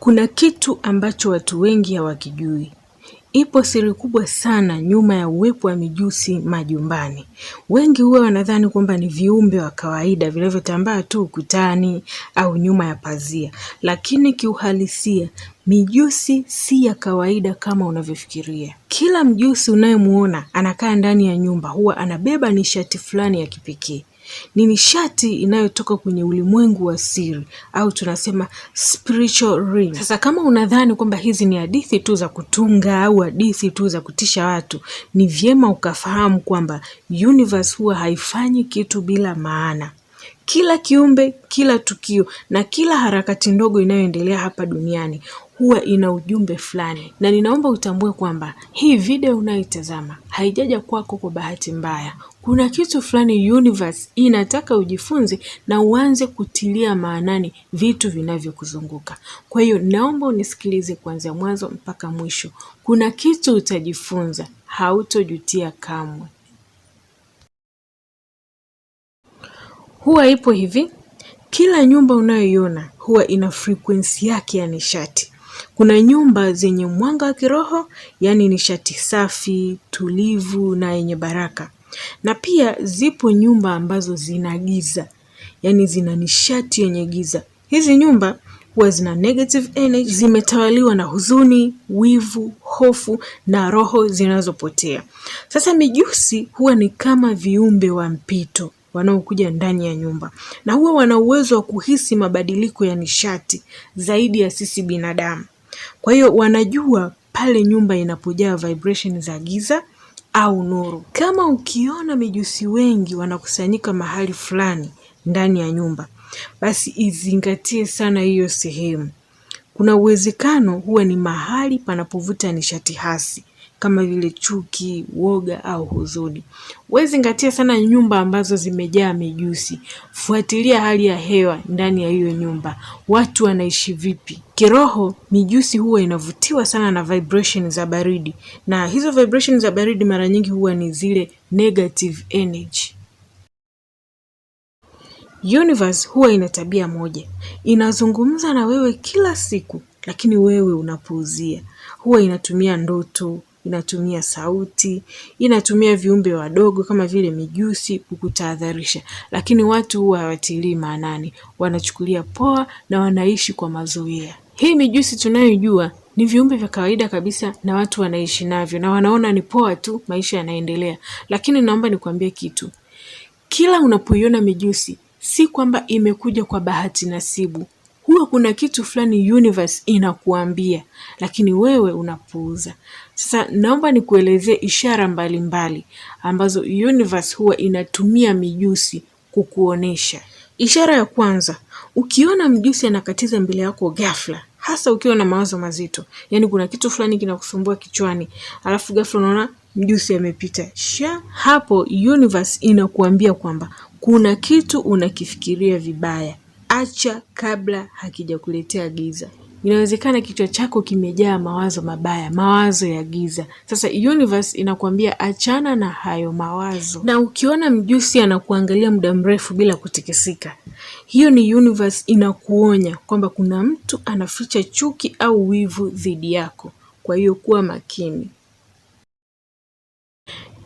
Kuna kitu ambacho watu wengi hawakijui. Ipo siri kubwa sana nyuma ya uwepo wa mijusi majumbani. Wengi huwa wanadhani kwamba ni viumbe wa kawaida vinavyotambaa tu ukutani au nyuma ya pazia, lakini kiuhalisia mijusi si ya kawaida kama unavyofikiria. Kila mjusi unayemuona anakaa ndani ya nyumba huwa anabeba nishati fulani ya kipekee. Ni nishati inayotoka kwenye ulimwengu wa siri au tunasema spiritual Sasa kama unadhani kwamba hizi ni hadithi tu za kutunga au hadithi tu za kutisha watu, ni vyema ukafahamu kwamba universe huwa haifanyi kitu bila maana. Kila kiumbe, kila tukio na kila harakati ndogo inayoendelea hapa duniani huwa ina ujumbe fulani, na ninaomba utambue kwamba hii video unayoitazama haijaja kwako kwa bahati mbaya kuna kitu fulani universe inataka ujifunze na uanze kutilia maanani vitu vinavyokuzunguka. Kwa hiyo naomba unisikilize kuanzia mwanzo mpaka mwisho. Kuna kitu utajifunza, hautojutia kamwe. Huwa ipo hivi, kila nyumba unayoiona huwa ina frequency yake ya nishati. Kuna nyumba zenye mwanga wa kiroho, yaani nishati safi, tulivu na yenye baraka na pia zipo nyumba ambazo zina giza, yaani zina nishati yenye giza. Hizi nyumba huwa zina negative energy, zimetawaliwa na huzuni, wivu, hofu na roho zinazopotea. Sasa mijusi huwa ni kama viumbe wa mpito wanaokuja ndani ya nyumba na huwa wana uwezo wa kuhisi mabadiliko ya nishati zaidi ya sisi binadamu. Kwa hiyo wanajua pale nyumba inapojaa vibration za giza au nuru. Kama ukiona mijusi wengi wanakusanyika mahali fulani ndani ya nyumba, basi izingatie sana hiyo sehemu. Kuna uwezekano huwa ni mahali panapovuta nishati hasi kama vile chuki, woga au huzuni. We zingatia sana nyumba ambazo zimejaa mijusi. Fuatilia hali ya hewa ndani ya hiyo nyumba, watu wanaishi vipi. Kiroho, mijusi huwa inavutiwa sana na vibration za baridi, na hizo vibration za baridi mara nyingi huwa ni zile negative energy. Universe huwa ina tabia moja, inazungumza na wewe kila siku, lakini wewe unapuuzia. Huwa inatumia ndoto, inatumia sauti, inatumia viumbe wadogo kama vile mijusi kukutahadharisha, lakini watu huwa hawatilii maanani, wanachukulia poa na wanaishi kwa mazoea. Hii mijusi tunayojua ni viumbe vya kawaida kabisa na watu wanaishi navyo na wanaona ni poa tu, maisha yanaendelea. Lakini naomba nikuambie kitu, kila unapoiona mijusi si kwamba imekuja kwa bahati nasibu, huwa kuna kitu fulani universe inakuambia, lakini wewe unapuuza. Sasa naomba nikuelezee ishara mbalimbali mbali ambazo universe huwa inatumia mijusi kukuonesha. Ishara ya kwanza, ukiona mjusi anakatiza mbele yako ghafla hasa ukiwa na mawazo mazito, yaani kuna kitu fulani kinakusumbua kichwani, alafu ghafla unaona mjusi amepita sha. Hapo universe inakuambia kwamba kuna kitu unakifikiria vibaya acha kabla hakijakuletea giza. Inawezekana kichwa chako kimejaa mawazo mabaya, mawazo ya giza. Sasa universe inakuambia achana na hayo mawazo. Na ukiona mjusi anakuangalia muda mrefu bila kutikisika, hiyo ni universe inakuonya kwamba kuna mtu anaficha chuki au wivu dhidi yako. Kwa hiyo kuwa makini.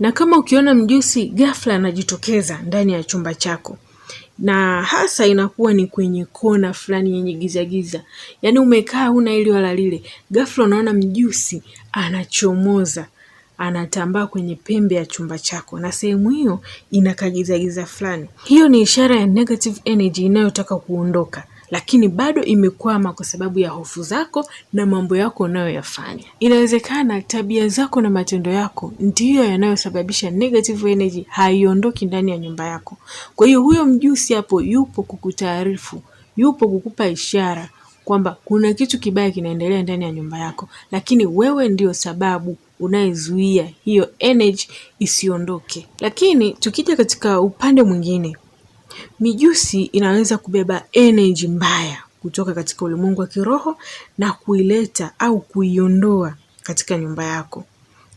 Na kama ukiona mjusi ghafla anajitokeza ndani ya chumba chako, na hasa inakuwa ni kwenye kona fulani yenye giza giza, yaani umekaa una ili wala lile, ghafla unaona mjusi anachomoza anatambaa kwenye pembe ya chumba chako na sehemu hiyo ina kagizagiza fulani. Hiyo ni ishara ya negative energy inayotaka kuondoka lakini bado imekwama kwa sababu ya hofu zako na mambo yako unayoyafanya. Inawezekana tabia zako na matendo yako ndiyo yanayosababisha negative energy, haiondoki ndani ya nyumba yako. Kwa hiyo huyo mjusi hapo yupo kukutaarifu, yupo kukupa ishara kwamba kuna kitu kibaya kinaendelea ndani ya nyumba yako, lakini wewe ndio sababu unayezuia hiyo energy isiondoke. Lakini tukija katika upande mwingine Mijusi inaweza kubeba energy mbaya kutoka katika ulimwengu wa kiroho na kuileta au kuiondoa katika nyumba yako.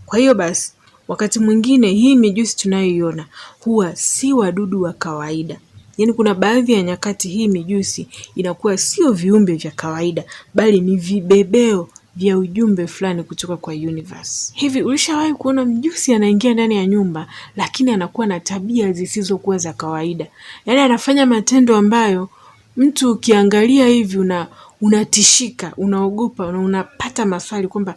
Kwa hiyo basi, wakati mwingine hii mijusi tunayoiona huwa si wadudu wa kawaida. Yaani kuna baadhi ya nyakati hii mijusi inakuwa sio viumbe vya kawaida bali ni vibebeo vya ujumbe fulani kutoka kwa universe. Hivi ulishawahi kuona mjusi anaingia ndani ya nyumba lakini anakuwa na tabia zisizokuwa za kawaida? Yaani anafanya matendo ambayo mtu ukiangalia hivi una unatishika, unaogopa na unapata maswali kwamba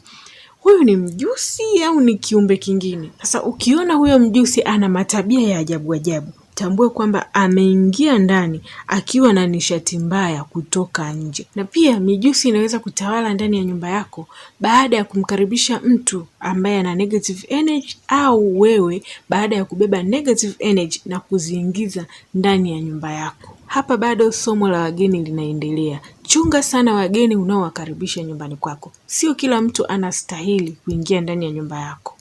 huyu ni mjusi au ni kiumbe kingine? Sasa ukiona huyo mjusi ana matabia ya ajabu ajabu, atambue kwamba ameingia ndani akiwa na nishati mbaya kutoka nje. Na pia mijusi inaweza kutawala ndani ya nyumba yako baada ya kumkaribisha mtu ambaye ana negative energy, au wewe baada ya kubeba negative energy na kuziingiza ndani ya nyumba yako. Hapa bado somo la wageni linaendelea. Chunga sana wageni unaowakaribisha nyumbani kwako. Sio kila mtu anastahili kuingia ndani ya nyumba yako.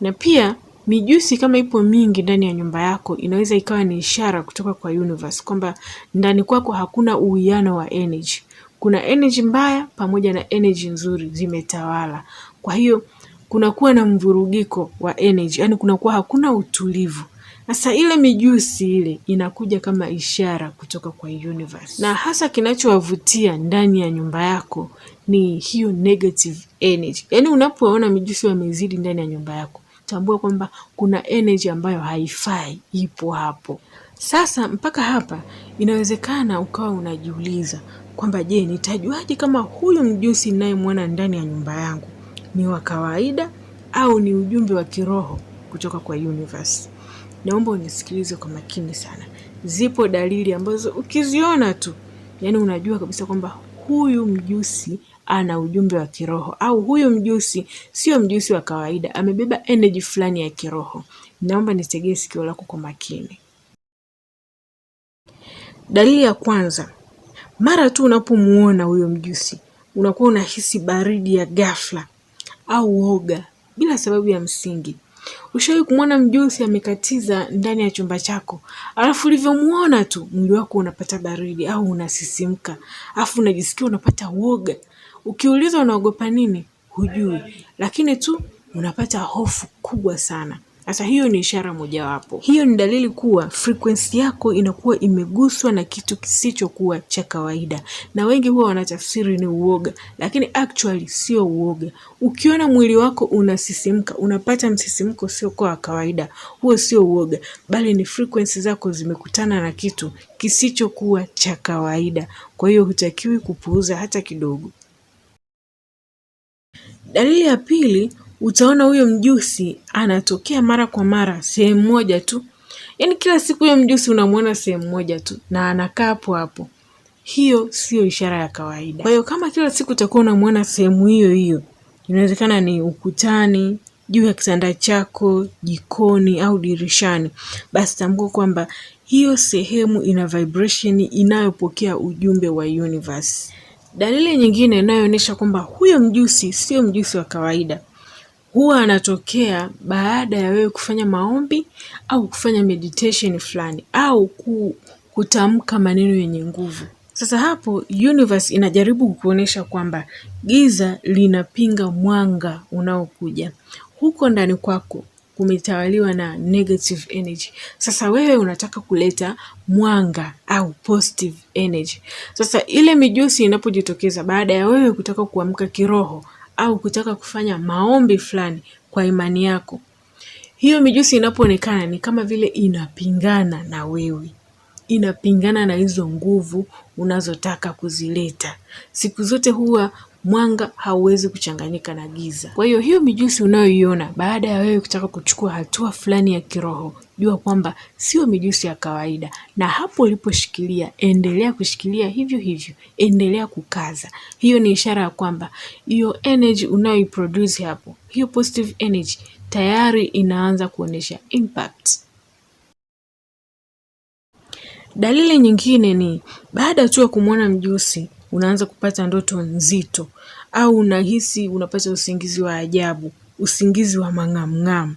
Na pia Mijusi kama ipo mingi ndani ya nyumba yako inaweza ikawa ni ishara kutoka kwa universe kwamba ndani kwako hakuna uwiano wa energy. Kuna energy mbaya pamoja na energy nzuri zimetawala. Kwa hiyo kunakuwa na mvurugiko wa energy, yani kunakuwa hakuna utulivu. Sasa ile mijusi ile inakuja kama ishara kutoka kwa universe, na hasa kinachowavutia ndani ya nyumba yako ni hiyo negative energy. Yani unapoona mijusi wamezidi ndani ya nyumba yako, tambua kwamba kuna energy ambayo haifai ipo hapo. Sasa mpaka hapa inawezekana ukawa unajiuliza kwamba je, nitajuaje kama huyu mjusi ninayemwona ndani ya nyumba yangu ni wa kawaida au ni ujumbe wa kiroho kutoka kwa universe? Naomba unisikilize kwa makini sana. Zipo dalili ambazo ukiziona tu, yani unajua kabisa kwamba huyu mjusi ana ujumbe wa kiroho au huyu mjusi sio mjusi wa kawaida, amebeba energy fulani ya kiroho. Naomba nitegee sikio lako kwa makini. Dalili ya kwanza, mara tu unapomuona huyo mjusi unakuwa unahisi baridi ya ghafla au woga bila sababu ya msingi. Ushawahi kumwona mjusi amekatiza ndani ya chumba chako, alafu ulivyomuona tu mwili wako unapata baridi au unasisimka, alafu unajisikia unapata woga, ukiuliza unaogopa nini, hujui, lakini tu unapata hofu kubwa sana. Sasa hiyo ni ishara mojawapo. Hiyo ni dalili kuwa frequency yako inakuwa imeguswa na kitu kisichokuwa cha kawaida, na wengi huwa wanatafsiri ni uoga, lakini actually sio uoga. Ukiona mwili wako unasisimka, unapata msisimko usiokuwa wa kawaida, huo sio uoga, bali ni frequency zako zimekutana na kitu kisichokuwa cha kawaida. Kwa hiyo hutakiwi kupuuza hata kidogo. Dalili ya pili utaona huyo mjusi anatokea mara kwa mara sehemu moja tu, yaani kila siku huyo mjusi unamwona sehemu moja tu na anakaa hapo hapo. Hiyo siyo ishara ya kawaida. Kwa hiyo kama kila siku utakuwa unamwona sehemu hiyo hiyo, inawezekana ni ukutani, juu ya kitanda chako, jikoni au dirishani, basi tambua kwamba hiyo sehemu ina vibration inayopokea ujumbe wa universe. Dalili nyingine inayoonyesha kwamba huyo mjusi sio mjusi wa kawaida huwa anatokea baada ya wewe kufanya maombi au kufanya meditation fulani au kutamka maneno yenye nguvu. Sasa hapo universe inajaribu kuonyesha kwamba giza linapinga mwanga unaokuja. Huko ndani kwako kumetawaliwa na negative energy. Sasa wewe unataka kuleta mwanga au positive energy. Sasa ile mijusi inapojitokeza baada ya wewe kutaka kuamka kiroho au kutaka kufanya maombi fulani kwa imani yako, hiyo mijusi inapoonekana ni kama vile inapingana na wewe inapingana na hizo nguvu unazotaka kuzileta. Siku zote huwa mwanga hauwezi kuchanganyika na giza. Kwa hiyo hiyo mijusi unayoiona baada ya wewe kutaka kuchukua hatua fulani ya kiroho, jua kwamba sio mijusi ya kawaida, na hapo uliposhikilia, endelea kushikilia hivyo hivyo, endelea kukaza. Hiyo ni ishara ya kwamba hiyo energy unayoiproduce hapo, hiyo positive energy tayari inaanza kuonyesha impact. Dalili nyingine ni baada tu ya kumwona mjusi unaanza kupata ndoto nzito au unahisi unapata usingizi wa ajabu, usingizi wa mang'amng'am.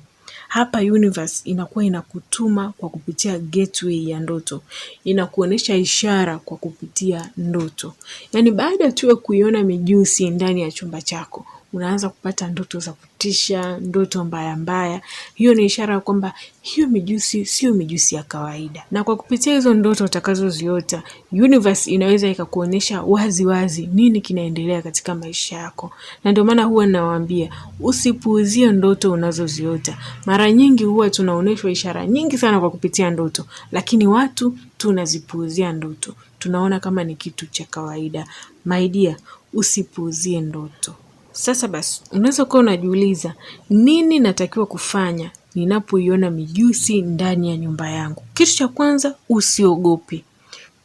Hapa universe inakuwa inakutuma kwa kupitia gateway ya ndoto, inakuonesha ishara kwa kupitia ndoto. Yaani baada tu ya kuiona mijusi ndani ya chumba chako, unaanza kupata ndoto za kutisha, ndoto mbaya mbaya. Hiyo ni ishara ya kwamba hiyo mijusi sio mijusi ya kawaida, na kwa kupitia hizo ndoto utakazoziota universe inaweza ikakuonyesha wazi wazi nini kinaendelea katika maisha yako. Na ndio maana huwa nawaambia usipuuzie ndoto unazoziota. Mara nyingi huwa tunaonyeshwa ishara nyingi sana kwa kupitia ndoto, lakini watu tunazipuuzia ndoto, tunaona kama ni kitu cha kawaida. My dear, usipuuzie ndoto. Sasa basi, unaweza kuwa unajiuliza nini natakiwa kufanya ninapoiona mijusi ndani ya nyumba yangu? Kitu cha kwanza, usiogope,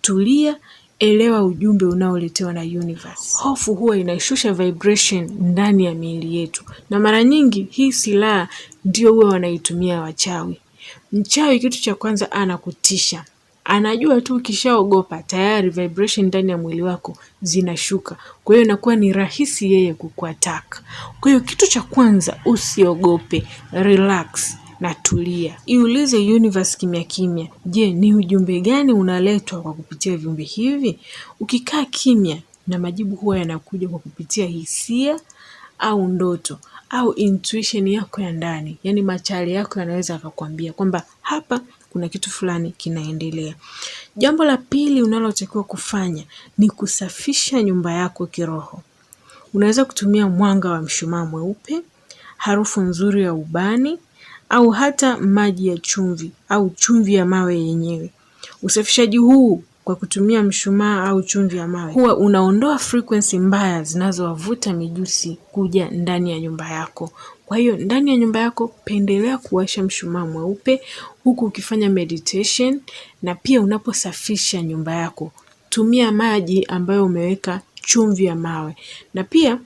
tulia, elewa ujumbe unaoletewa na universe. Hofu huwa inashusha vibration ndani ya miili yetu, na mara nyingi hii silaha ndio huwa wanaitumia wachawi. Mchawi kitu cha kwanza anakutisha, anajua tu ukishaogopa tayari vibration ndani ya mwili wako zinashuka, kwa hiyo inakuwa ni rahisi yeye kukuataka. Kwa hiyo kitu cha kwanza, usiogope, relax na tulia, iulize universe kimya kimya, je, ni ujumbe gani unaletwa kwa kupitia viumbe hivi? Ukikaa kimya na majibu huwa yanakuja kwa kupitia hisia au ndoto au intuition yako ya ndani, yaani machari yako yanaweza akakwambia kwamba hapa kuna kitu fulani kinaendelea. Jambo la pili unalotakiwa kufanya ni kusafisha nyumba yako kiroho. Unaweza kutumia mwanga wa mshumaa mweupe, harufu nzuri ya ubani au hata maji ya chumvi au chumvi ya mawe yenyewe. Usafishaji huu kwa kutumia mshumaa au chumvi ya mawe huwa unaondoa frequency mbaya zinazowavuta mijusi kuja ndani ya nyumba yako. Kwa hiyo ndani ya nyumba yako pendelea kuwasha mshumaa mweupe, huku ukifanya meditation na pia unaposafisha nyumba yako tumia maji ambayo umeweka chumvi ya mawe, na pia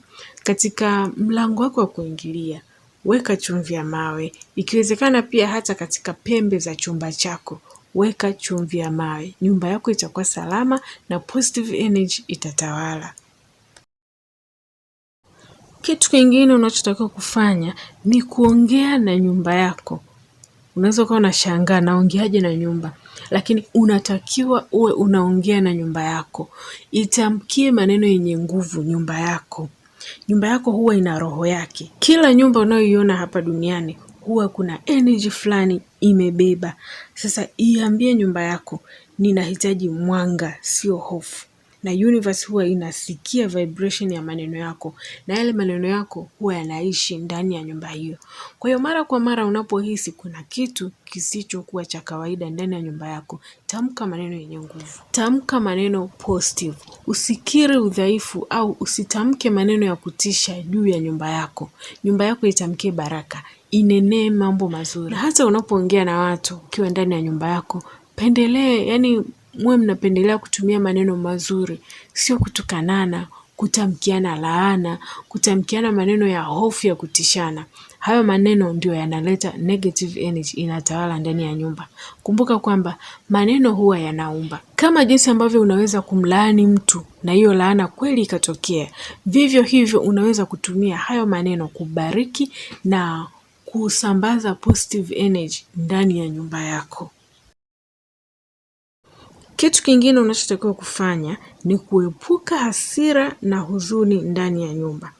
katika mlango wako wa kuingilia weka chumvi ya mawe. Ikiwezekana pia hata katika pembe za chumba chako weka chumvi ya mawe. Nyumba yako itakuwa salama na positive energy itatawala. Kitu kingine unachotakiwa kufanya ni kuongea na nyumba yako. Unaweza ukawa unashangaa naongeaje na nyumba, lakini unatakiwa uwe unaongea na nyumba yako. Itamkie maneno yenye nguvu nyumba yako. Nyumba yako huwa ina roho yake. Kila nyumba unayoiona hapa duniani huwa kuna energy fulani imebeba. Sasa iambie nyumba yako, ninahitaji mwanga, sio hofu na universe huwa inasikia vibration ya maneno yako na yale maneno yako huwa yanaishi ndani ya nyumba hiyo. Kwa hiyo mara kwa mara unapohisi kuna kitu kisichokuwa cha kawaida ndani ya nyumba yako, tamka maneno yenye nguvu, tamka maneno positive. Usikiri udhaifu au usitamke maneno ya kutisha juu ya nyumba yako. Nyumba yako itamkie baraka, inenee mambo mazuri. Na hata unapoongea na watu ukiwa ndani ya nyumba yako, pendelee yani muwe mnapendelea kutumia maneno mazuri, sio kutukanana, kutamkiana laana, kutamkiana maneno ya hofu ya kutishana. Hayo maneno ndio yanaleta negative energy inatawala ndani ya nyumba. Kumbuka kwamba maneno huwa yanaumba. Kama jinsi ambavyo unaweza kumlaani mtu na hiyo laana kweli ikatokea, vivyo hivyo unaweza kutumia hayo maneno kubariki na kusambaza positive energy ndani ya nyumba yako. Kitu kingine unachotakiwa kufanya ni kuepuka hasira na huzuni ndani ya nyumba.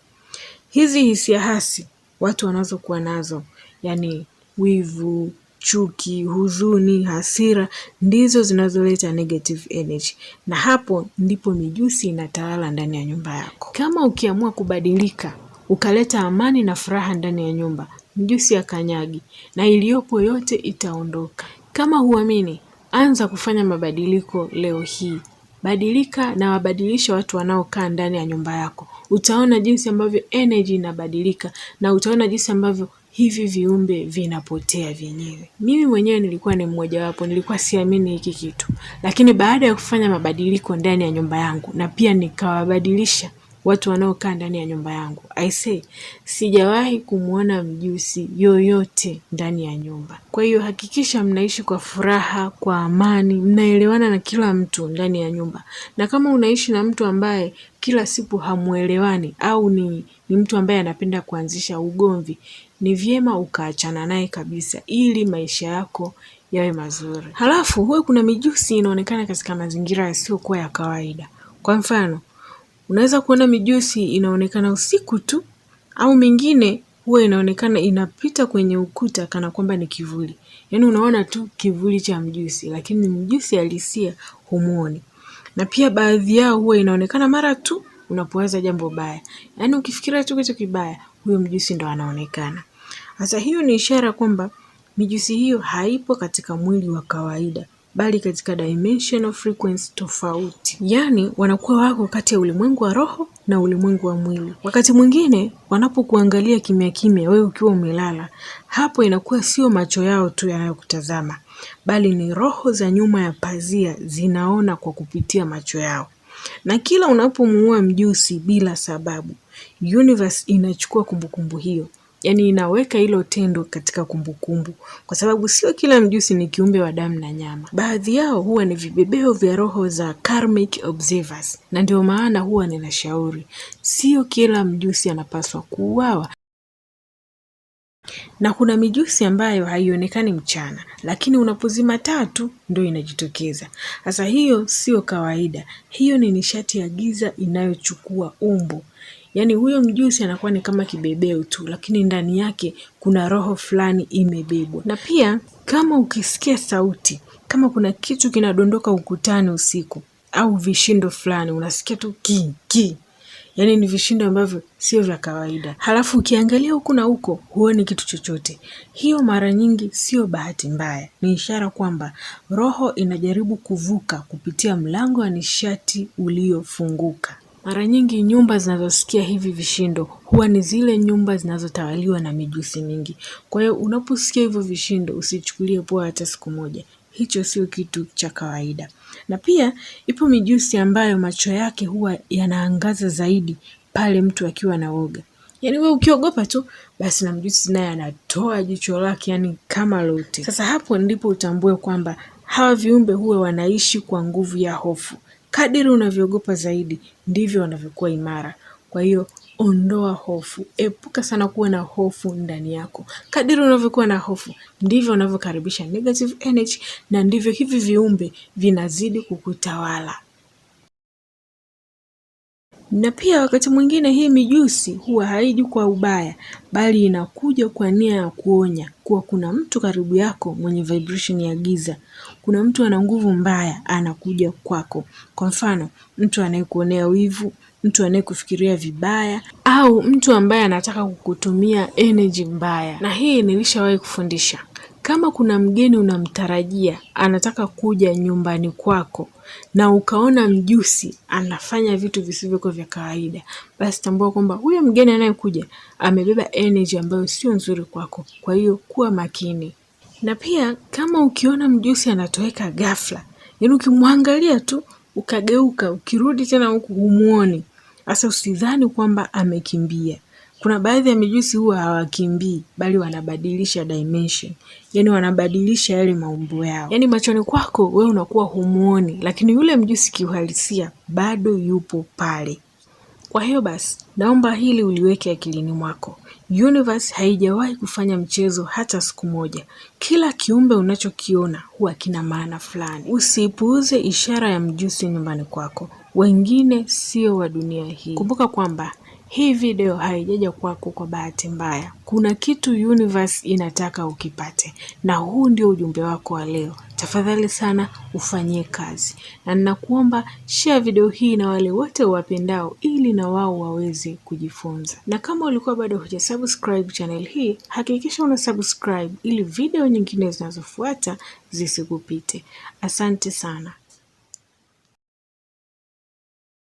Hizi hisia hasi watu wanazokuwa nazo, yani wivu, chuki, huzuni, hasira ndizo zinazoleta negative energy, na hapo ndipo mijusi inatawala ndani ya nyumba yako. Kama ukiamua kubadilika ukaleta amani na furaha ndani ya nyumba, mjusi akanyagi na iliyopo yote itaondoka. Kama huamini Anza kufanya mabadiliko leo hii. Badilika na wabadilishe watu wanaokaa ndani ya nyumba yako. Utaona jinsi ambavyo energy inabadilika na utaona jinsi ambavyo hivi viumbe vinapotea vyenyewe. Mimi mwenyewe nilikuwa ni mmoja wapo, nilikuwa siamini hiki kitu, lakini baada ya kufanya mabadiliko ndani ya nyumba yangu na pia nikawabadilisha watu wanaokaa ndani ya nyumba yangu. say, sijawahi kumwona mjusi yoyote ndani ya nyumba. Kwa hiyo hakikisha mnaishi kwa furaha, kwa amani, mnaelewana na kila mtu ndani ya nyumba, na kama unaishi na mtu ambaye kila siku hamuelewani au ni, ni mtu ambaye anapenda kuanzisha ugomvi, ni vyema ukaachana naye kabisa ili maisha yako yawe mazuri. Halafu huwe kuna mijusi inaonekana katika mazingira yasiyokuwa ya kawaida. Kwa mfano, Unaweza kuona mijusi inaonekana usiku tu au mingine huwa inaonekana inapita kwenye ukuta kana kwamba ni kivuli, yaani unaona tu kivuli cha mjusi, lakini mjusi halisia humuoni. Na pia baadhi yao huwa inaonekana mara tu unapowaza jambo baya, yaani ukifikiria tu kitu kibaya, huyo mjusi ndo anaonekana. Sasa hiyo ni ishara kwamba mijusi hiyo haipo katika mwili wa kawaida, bali katika dimension of frequency tofauti, yaani wanakuwa wako kati ya ulimwengu wa roho na ulimwengu wa mwili. Wakati mwingine wanapokuangalia kimya kimya, wewe ukiwa umelala, hapo inakuwa sio macho yao tu yanayokutazama, bali ni roho za nyuma ya pazia zinaona kwa kupitia macho yao. Na kila unapomuua mjusi bila sababu, universe inachukua kumbukumbu hiyo yani inaweka hilo tendo katika kumbukumbu kumbu. Kwa sababu sio kila mjusi ni kiumbe wa damu na nyama, baadhi yao huwa ni vibebeo vya roho za karmic observers, na ndio maana huwa ninashauri sio kila mjusi anapaswa kuuawa na kuna mijusi ambayo haionekani mchana, lakini unapozima tatu ndo ndio inajitokeza. Sasa hiyo sio kawaida, hiyo ni nishati ya giza inayochukua umbo Yaani huyo mjusi anakuwa ni kama kibebeo tu, lakini ndani yake kuna roho fulani imebebwa. Na pia kama ukisikia sauti, kama kuna kitu kinadondoka ukutani usiku au vishindo fulani, unasikia tu ki ki yaani ni vishindo ambavyo sio vya kawaida. Halafu ukiangalia huku na huko huoni kitu chochote, hiyo mara nyingi sio bahati mbaya, ni ishara kwamba roho inajaribu kuvuka kupitia mlango wa nishati uliofunguka. Mara nyingi nyumba zinazosikia hivi vishindo huwa ni zile nyumba zinazotawaliwa na mijusi mingi. Kwa hiyo unaposikia hivyo vishindo usichukulie poa hata siku moja. Hicho sio kitu cha kawaida. Na pia ipo mijusi ambayo macho yake huwa yanaangaza zaidi pale mtu akiwa na woga. Yaani wewe ukiogopa tu basi na mjusi naye anatoa jicho lake yani kama lote. Sasa hapo ndipo utambue kwamba hawa viumbe huwa wanaishi kwa nguvu ya hofu. Kadiri unavyoogopa zaidi ndivyo wanavyokuwa imara. Kwa hiyo ondoa hofu, epuka sana kuwa na hofu ndani yako. Kadiri unavyokuwa na hofu ndivyo unavyokaribisha negative energy, na ndivyo hivi viumbe vinazidi kukutawala. Na pia wakati mwingine hii mijusi huwa haiji kwa ubaya, bali inakuja kwa nia ya kuonya kuwa kuna mtu karibu yako mwenye vibration ya giza. Kuna mtu ana nguvu mbaya anakuja kwako. Kwa mfano, mtu anayekuonea wivu, mtu anayekufikiria vibaya, au mtu ambaye anataka kukutumia energy mbaya. Na hii nilishawahi kufundisha. Kama kuna mgeni unamtarajia anataka kuja nyumbani kwako na ukaona mjusi anafanya vitu visivyokuwa vya kawaida, basi tambua kwamba huyo mgeni anayekuja amebeba energy ambayo sio nzuri kwako. Kwa hiyo kuwa makini. Na pia kama ukiona mjusi anatoweka ghafla, yaani ukimwangalia tu ukageuka, ukirudi tena huku humwoni sasa usidhani kwamba amekimbia kuna baadhi ya mijusi huwa hawakimbii bali wanabadilisha dimension, yani wanabadilisha yale maumbo yao, yani machoni kwako wewe unakuwa humuoni, lakini yule mjusi kiuhalisia bado yupo pale. Kwa hiyo basi, naomba hili uliweke akilini mwako. Universe haijawahi kufanya mchezo hata siku moja. Kila kiumbe unachokiona huwa kina maana fulani. Usipuuze ishara ya mjusi nyumbani kwako, wengine sio wa dunia hii. Kumbuka kwamba hii video haijaja kwako kwa bahati mbaya. Kuna kitu universe inataka ukipate, na huu ndio ujumbe wako wa leo. Tafadhali sana ufanyie kazi, na ninakuomba share video hii na wale wote uwapendao, ili na wao waweze kujifunza. Na kama ulikuwa bado hujasubscribe channel hii, hakikisha una subscribe ili video nyingine zinazofuata zisikupite. Asante sana.